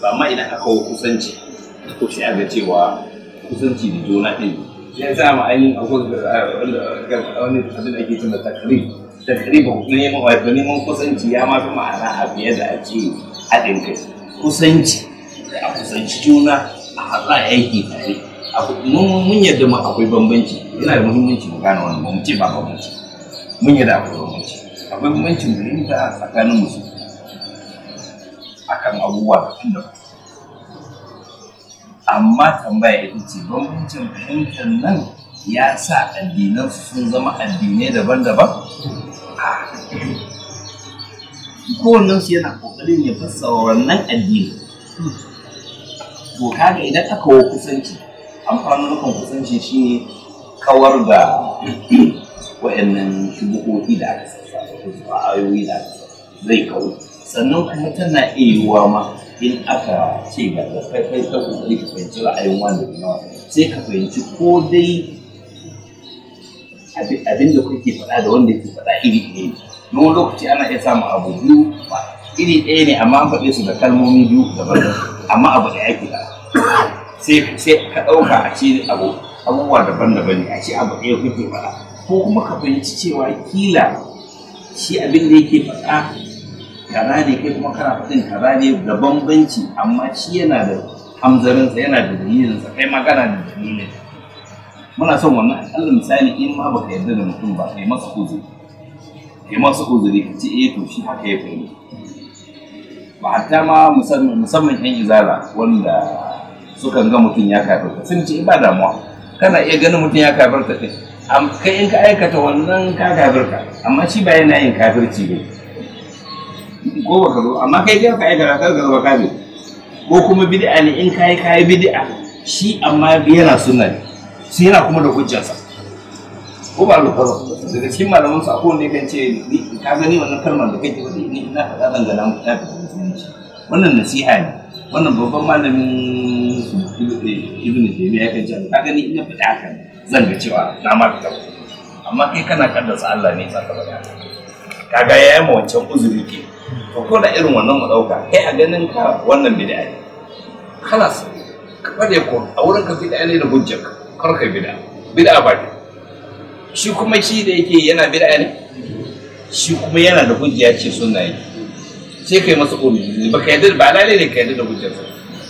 ba ma idan aka kawo kusanci ko sai aga cewa kusanci da juna din ya za mu ainihin akwai wani abin da ake cewa takri Kari ba kuma neman wato neman kusanci ya ma fi ma'ana a biyar da ake haɗin kai kusanci a kusanci juna a haɗa aiki tare mun yadda ma akwai bambanci yana da muhimmanci mu gane wani ba ce ba bambanci mun yadda akwai bambanci akwai bambancin ta tsakanin musulmi akan abubuwa amma tambaya ita ce bambancin fahimtar nan ya sa addinansu sun zama addinai daban-daban kowannensu yana kokarin ya fassara wannan addini to kaga idan aka wo kusanci amfanin kusanci shine kawar da wa'annan shubuhohi da aka sassa ko ayoyi da zai kawo sannan kuma tana iya yiwuwa ma in aka ce ba da kai kai ta kokari ka fahimci ra'ayin wanda nawa sai ka fahimci ko dai abin da kuke faɗa da wanda yake faɗa iri ɗaya ne wani lokaci ana iya samun abu biyu iri ɗaya ne amma an faɗe su da kalmomi biyu daban amma abu da yake da sai ka ɗauka a ce abu abubuwa daban-daban ne a ce abu ɗaya kuke faɗa ko kuma ka fahimci cewa kila shi abin da yake faɗa kaza ne kai kuma kana faɗin kaza ne da bambanci amma shi yana da hamzarinsa yana da dalilinsa kai ma kana da dalilin muna son wannan akalla misali in ma baka yarda da mutum ba kai masa uzuri kai masa uzuri ka ce eh to shi haka ya fahimta ba hatta ma musamman yan izala wanda suka ga mutum ya ka sun ce eh, ba damuwa kana iya ganin mutum ya ka kai in ka aikata wannan ka ka amma shi ba yana yin kafirci ne ko baka zo amma kai ka kai gara ka zama kafin ko kuma bid'a ne in kai kai bid'a shi amma yana sunna ne shi yana kuma da hujjarsa ko ba lokaro daga cikin malaman su ko ne kan ce ka gani wannan kalmar da kake wani ni ina faɗa zan gana mu tafi wannan nasiha ne wannan babban malamin ibnu jami'a ya kan ka gani ina faɗa haka zan ga cewa na ma ka amma kai kana kaddasa Allah ne ka bada kaga yayi mu wancan uzuri ke to ko da irin wannan mu dauka kai a ganin ka wannan bid'a ne kalas kare ko a wurin ka bid'a ne da hujjar kar ka bid'a bid'a ba ne shi kuma shi da yake yana bid'a ne shi kuma yana da hujja ce sunna yake sai kai masa uzuri ba kai da ba lalai ne ka yadda da hujjarsa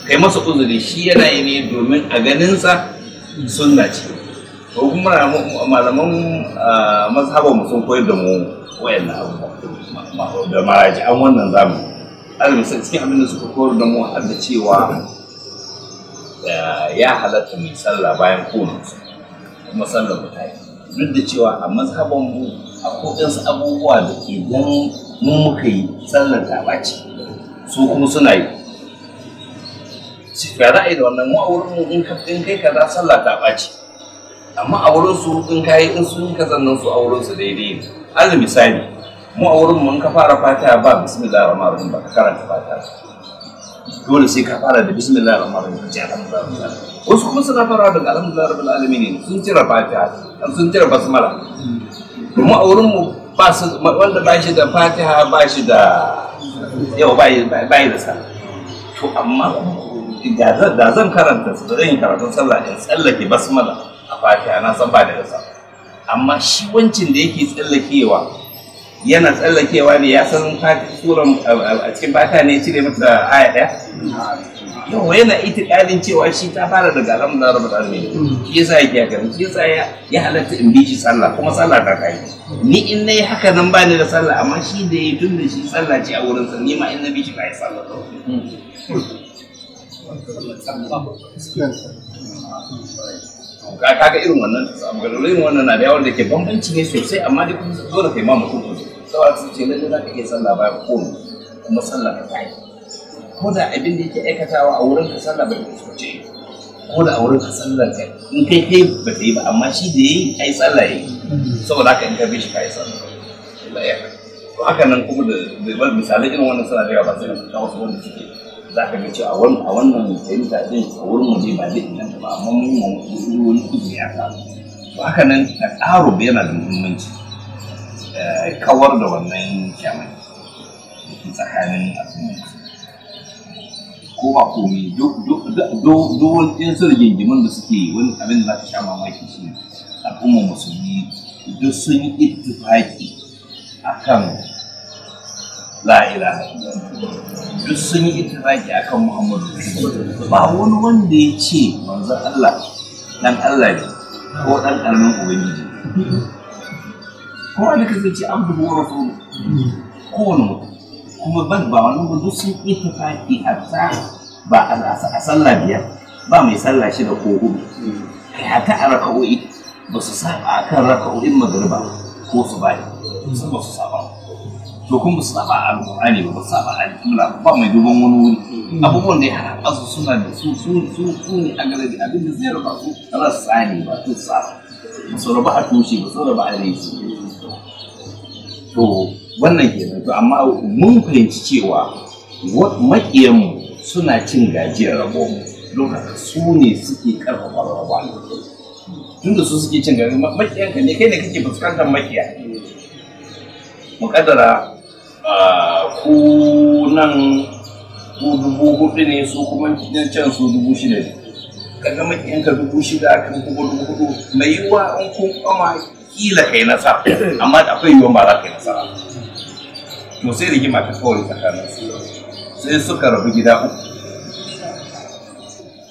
kai masa uzuri shi yana yi ne domin a ganin sa sunna ce kuma malaman mazhaban mu sun koyar da mu wayan da maraji an wannan zamu azumi sai cikin abin da suka koyar da mu har da cewa ya halatta mai sallah bayan kowane kuma sallar mu ta yi duk da cewa a mazhaban mu akwai wasu abubuwa da ke dan mun muka yi sallar ta ce, su kuma suna yi ya za a da wannan wa'aurin in kai kaza sallah ta ce. amma a wurin su in kayi in sun ka zannan su a wurin su daidai alal misali mu a wurin mun ka fara fata ba bismillah rahmanir rahim ba ka karanta fata dole sai ka fara da bismillah rahmanir rahim ka alhamdulillah wasu kuma suna fara daga alhamdulillah rabbil alamin sun cira fatiha sun cira basmala mu a wurin mu ba su wanda ba shi da fatiha ba shi da yau ba yi da to amma da zan karanta su da zan yi karatun sallah in tsallake basmala fatiha na san ba da rasa amma shi wancin da yake tsallakewa yana tsallakewa ne ya san suran a cikin fatiha ne cire mata aya ɗaya yau yana cewa shi ta fara daga alhamdulillah rabbul alamin shi yasa yake haka shi yasa ya ya halatta in bi shi sallah kuma sallah ta kai ni in yi haka nan bani da sallah amma shi da ya da shi sallah ce a wurin sa ma in na bi shi ya sallah k'a ka kaga irin wannan maganganun wannan na da yawan da ke bambanci ne sosai amma dai kun zo da kai ma mutum saboda su ce lalle za ka iya sallah baya ko kuma sallah ka kai ko da abin da yake aikatawa a wurin ka sallah bai kusurce ko da a wurin ka sallah ka in kai kai ba ta yi ba amma shi da yayi ai sallah yayi saboda haka in ka bi shi kai sallah Allah ya haka nan kuma da misalai irin wannan suna da yawa ba sai ka wasu wanda suke za ka ga cewa a wannan fahimta din a wurin waje ba zai inganta ba amma mun mu wani ilimi a kan to haka nan na ƙaro yana da muhimmanci eh, kawar da wannan kyamai da ke tsakanin al'umma ko ba komi duk wani su rigingimin da suke wani abin da za ka sha mamaki shi al'umma musulmi duk sun yi ittifaki akan la ilaha duk sun yi itiraki akan muhammadu ba wani wanda ya ce manzon allah dan allah ne ko dan karamin ubangiji kowa da kake ce an bugu wa rasulu kowane mutum kuma ban ba wani ba duk sun yi itiraki a ta ba a sallah biyar ba mai sallah shida ko hudu kai hata a raka'o'i ba su saba a akan raka'o'in magariba ko su bani sun ba su saba to kuma saba alƙur'ani ba saba alƙibla ba mai duban wani wuri hmm. abubuwan da ya haɗa su suna da su su su su ne a gare da abin da zai raba su rassa ne ba su saba ba su raba a tushe ba su raba a laifi to wannan ke to amma mun fahimci cewa maƙiyanmu suna cin gajiyar rabo lokacin su ne suke ƙarfafa raba tunda su suke cin gajiyar ka ne kai ne kake fuskantar maƙiya muƙaddara ku nan ku dubu hudu ne su kuma can su dubu shida ne kaga makiyanka dubu shida akan kuma dubu hudu mai yiwuwa an kun kama kila kai nasara amma da akwai yiwuwa ba za ka yi nasara to sai rigima ta kawai tsakanin su sai suka rabu gida uku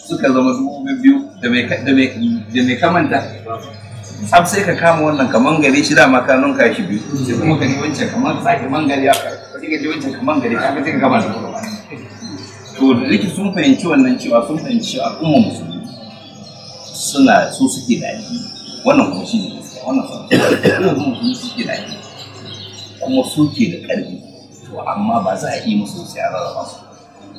suka zama dubu biyu da mai kamanta tsaf sai ka kama wannan ka mangare shi dama ka nunka shi biyu sai kuma ka ji wancan kamar sake mangare aka sai ka ji wancan kamar gare ka sai ka kama da to riki sun fahimci wannan cewa sun fahimci al'ummar musulmi suna su suke da addini wannan kuma shi ne gaskiya wannan sun suke da addini kuma suke da ƙarfi to amma ba za a yi musu sai a rarraba su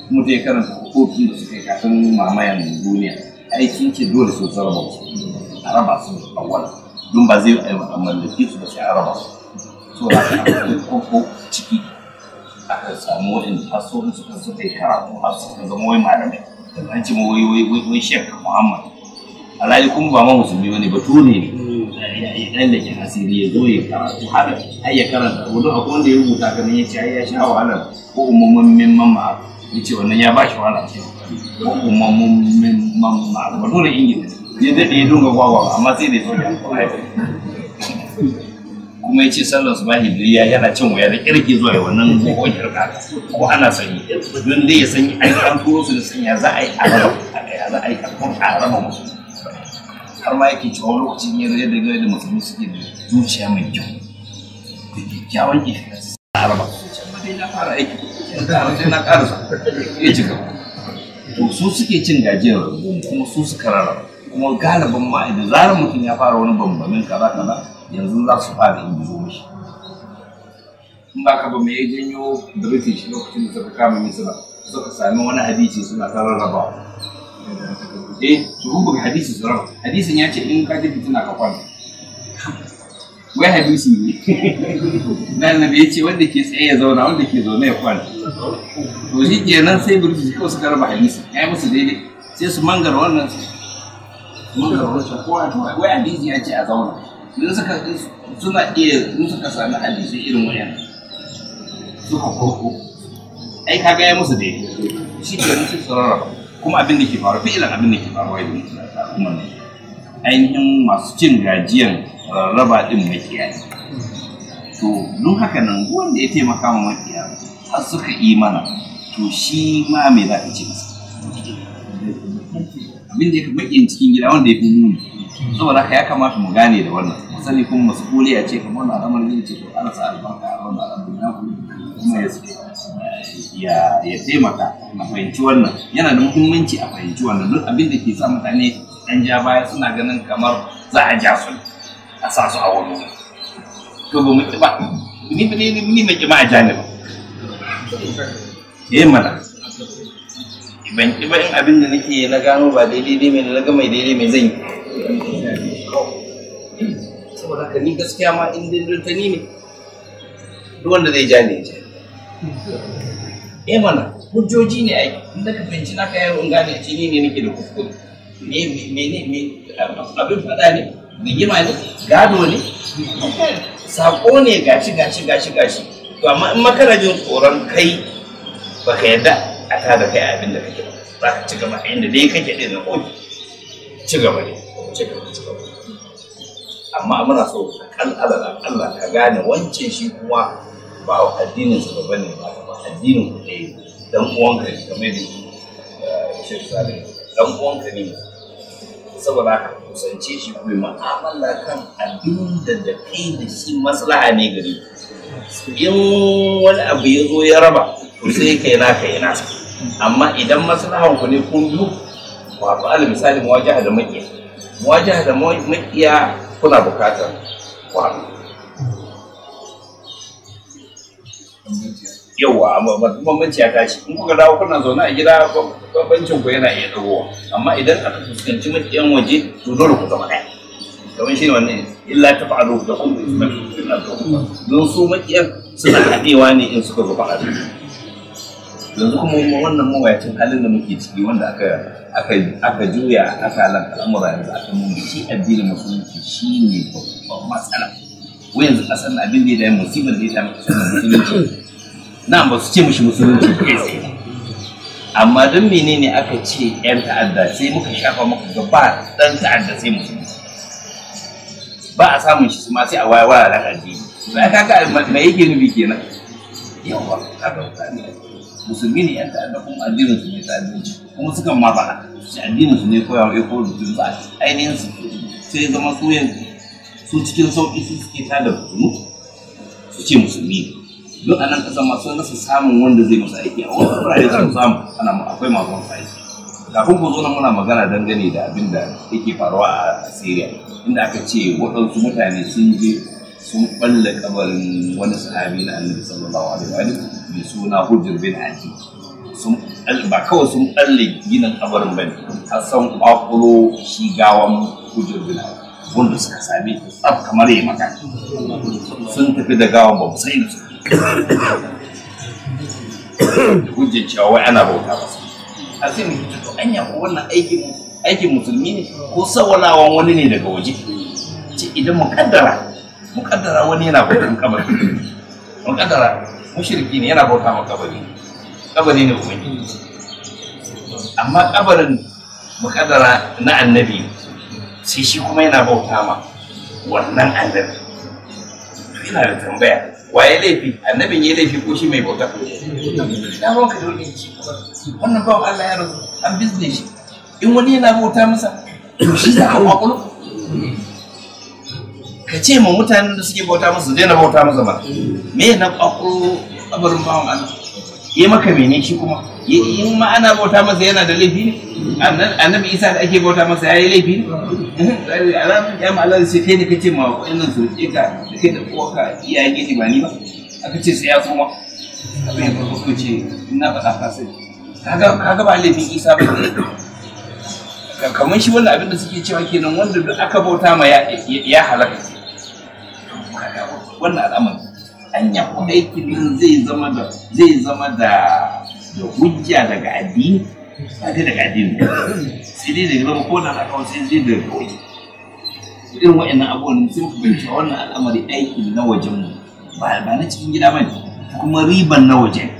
kuma dai karanta hukukun da suke kafin mamayan duniya aikin ce dole su su raba su a raba su a wani don ba zai yi mallaki su ba sai a raba su so na kan koko ciki kan samu wani fasorin su kan suka yi karatu har suka zama wai malamai an ce wai wai wai shek muhammad alhali kuma ba ma musulmi wani ba tone ne dan da ke asiri ya zo ya karatu har ya karanta wani akwai wanda ya rubuta ganin ya ce ya sha wahalar ko umumin mamma ya ce wannan ya ba shi wahala ce ko kuma mun ma ba dole ingilishi ya daɗe ya dunga gwagwa amma sai da ya soja kuma ya ce sallar subahi da ya yana cin waya da kirki zuwa ya wannan kokon kirka ko ana sanyi don dai ya sanyi an an turo su da sanya za a yi araba a za a yi a araba musu har ma yake cewa lokacin ya rage da gari musulmi suke da zuciya mai kyau da kyakkyawan ikhlasi araba na fara aiki sai na ya to su suke cin gajiyar rumbun kuma su suka rara kuma galibin ma da zarar mutum ya fara wani bambamin kaza kaza yanzu za su fara yin bizo mishi in ba ka ba me janyo british lokacin da suka kama misira suka sami wani hadisi suna ta rarraba eh su rubuta hadisi su rarraba hadisin ya ce in ka ji fitina ka kwana. wai hadisi ne na dan nabi ce wanda ke tsaye ya zauna wanda ke zaune ya kwana to shi kenan sai burji kawai suka raba hadisi ya yi musu daidai sai su mangara wannan su mangara wancan kowa wai hadisi ya ce a zauna in suka suna iya in suka sami hadisi irin wayan suka koko ai kaga ya musu daidai shi kenan sai su rarraba kuma abin da ke faru fi'ilan abin da ke faruwa yanzu kuma ne ainihin masu cin gajiyan eh, raba din makiya to don haka nan wanda ya taimaka ma makiya har suka mana, to shi ma me za ka ce masa abin da ya makiyin cikin gida wanda ya fi muni saboda haka ya kamata mu gane da wannan sani kuma a ce kamar wannan al'amarin ce ko ana sa albarka a wannan al'amarin na kuma ya ya taimaka a fahimci wannan yana da muhimmanci a fahimci wannan don abin da ke sa mutane an ja baya suna ganin kamar za a ja su a sa su a wani to ba mu ki ba ni ba ne ni mai ki ma a ja ne ba eh mana ban ki ba in abin da nake na gano ba daidai dai mai na ga mai daidai mai zan yi saboda ka ni gaskiya ma in dindin ta ni ne duk wanda zai ja ne ya ja eh mana hujjoji ne ai inda ka fahimci na yaro in gane ci ni ne nake da kuskure me me ne me abin faɗa ne rigima ne gado ne sako ne gashi gashi gashi gashi to amma in makana jin tsoron kai baka yadda a ta kai abin da kake ba ka ci gaba inda dai kake din na kofi ci gaba ne ci gaba ci gaba amma muna so kan Allah Allah ka gane wancan shi kuma ba addinin su ba bane ba addinin ku ɗaya dan uwanka ne kamar da eh, shi dan uwanka ne saboda haka kusance shi ku yi mu'amala kan abinda da da kai da shi maslaha ne gari. in wani abu ya zo ya raba to sai kai na kai na amma idan maslahan ku ne kun biyu wato alal misali muwajaha da makiya muwajaha da makiya kuna bukatar wato yawa bambanci ya tashi in kuka dawo kuna zaune a gida bambancin ku yana iya dawo amma idan aka fuskanci yan waje to dole ku zama ɗaya kamar shi ne wannan illa ta fa'alu da kuma don su makiyan suna haɗewa ne in suka zo fa'alu yanzu kuma wannan mawayacin halin da muke ciki wanda aka juya aka halar al'amura yanzu aka nuna shi addinin musulunci shi ne babban matsala Wa yanzu kasar abin da ya dami musibar da ya dami kasar musulunci na ba su ce mushi musulunci kai tsaye amma don menene aka ce yan ta'adda sai muka shafa muka ga ba dan ta'adda sai musulunci ba a samun shi ma sai a waya waya da kaji ba ga mai yake nubi kenan yawa kaga musulmi ne yan ta'adda kuma addinin su ne ta'addanci kuma suka ma ba shi addinin su ne ko ya ko rubutun su ainihin su sai zama su yanzu su cikin sauƙi su suke tada musulmi su ce musulmi ne duk anan nan kasan masu rasa samun wanda zai musu aiki a wani wurare sun samu ana akwai masu wasu aiki kafin ku zo nan muna magana dangane da abin da yake faruwa a Syria inda aka ce waɗansu mutane sun je sun ɓalla kabarin wani sahabi na annabi sallallahu alaihi wa sallam mai suna hujjar bin Ati sun ba kawai sun ɓalle ginin kabarin bane har san kwakulo shi gawan hujjar bin Ati wanda suka same tsaf kamar ya maka sun tafi da gawan ba sai da su da hujjar cewa wai ana bauta masa a sai mu to anya ko wannan aikin aikin musulmi ne ko sawalawan wani ne daga waje ce idan mukaddara mukaddara wani yana bautan kabari mukaddara mushriki ne yana bauta ma kabari kabari ne ubangiji amma kabarin mukaddara na annabi sai shi kuma yana bauta ma wannan annabi ina da tambaya waye laifi annabin ya laifi ko shi mai bauta na ba ka dole shi wannan bawan Allah ya rubu an bizne shi in wani yana bauta masa to shi da ka kwakwalo ka ce ma mutanen da suke bauta masa daina bauta masa ba me na kwakwalo abarin bawan Allah ya maka mene shi kuma in ma ana bauta masa yana da laifi ne annabi isa da ake bauta masa ya yi laifi ne eh, a ranar kiyama sai zai ka ne kace ma wannan su ce ka kai da uwarka iya gidi ba ni ba aka ce sai ya koma abin ya farko ko ce ina faɗa ka sai kaga ba laifin isa ba ne kamar shi wannan abin da suke cewa kenan wanda aka bauta ma ya halaka wannan al'amari anya ko aiki din zai zama da zai zama da hujja daga addini ba dai daga addini sai dai daga zama ko da na kawo sai zai daga kawai irin wa'annan abubuwan sun fahimci wannan al'amari aiki na wajen mu ba ba na cikin gida ba kuma riban na wajen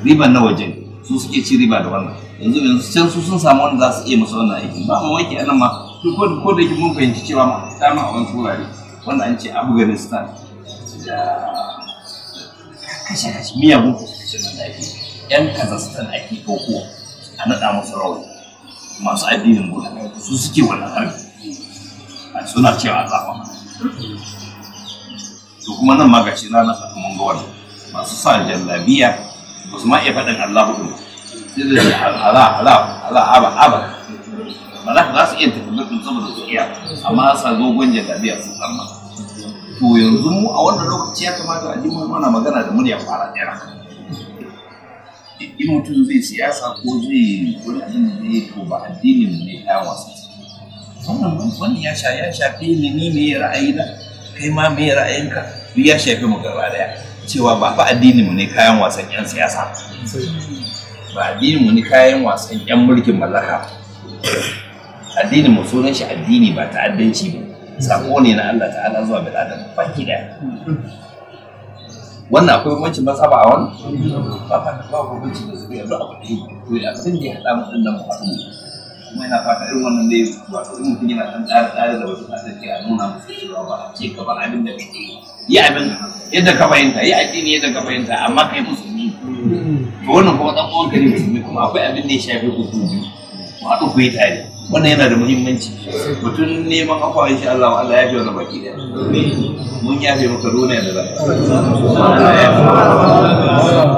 riban na wajen su suke ci riba da wannan yanzu yanzu can su sun samu wanda za su iya musu wannan aiki ba mamaki wake anan ma ko da ko da kin mun fahimci cewa ma dama a wani wurare wanda an ce afghanistan kashe kashe miyagun kashe kashe nan da ake yan kazastan ake koko a naɗa musu rawa masu addinin buda su suke wannan harbi a suna cewa a zaɓa to kuma nan magashi na na sakamun gawar masu sa jallabiya ba su ma iya faɗin Allah hudu sai da shi ala ala ala aba aba ba za su iya tafi saboda su iya amma sa dogon jallabiya su tsamma to yanzu mu a wannan lokaci ya kamata a jima mana magana da murya fara daya in mutum zai siyasa ko zai wani abin da ya to ba mu ne ya wasa wannan wani ya sha ya shafi ni ni me ra'ayi na kai ma me ka duk ya shafi mu gaba daya cewa ba fa addini mu ne kayan wasan yan siyasa ba addini mu ne kayan wasan yan mulkin mallaka addini mu sunan shi addini ba ta'addanci ba sako ne na Allah ta'ala zuwa bil adam baki daya wannan akwai ba mazhaba a wani ba ba ba bambancin da zai yanzu abu ɗaya to ya san da ya haɗa mu ɗin nan mu haɗu kuma yana fata irin wannan dai wato in mutum yana ɗan tsare tsare da wasu kasar ke a nuna musu cewa ba a ce gaban abin da kake yi yi abin yadda ka fahimta yi addini yadda ka fahimta amma kai musulmi to wannan kuma ɗan uwan ka ne musulmi kuma akwai abin da ya shafi hukumi ku haɗu ku tare wannan yana da muhimmanci mutum neman afawa insha Allah Allah ya fi wani baki da mun yafe maka duniya da zaka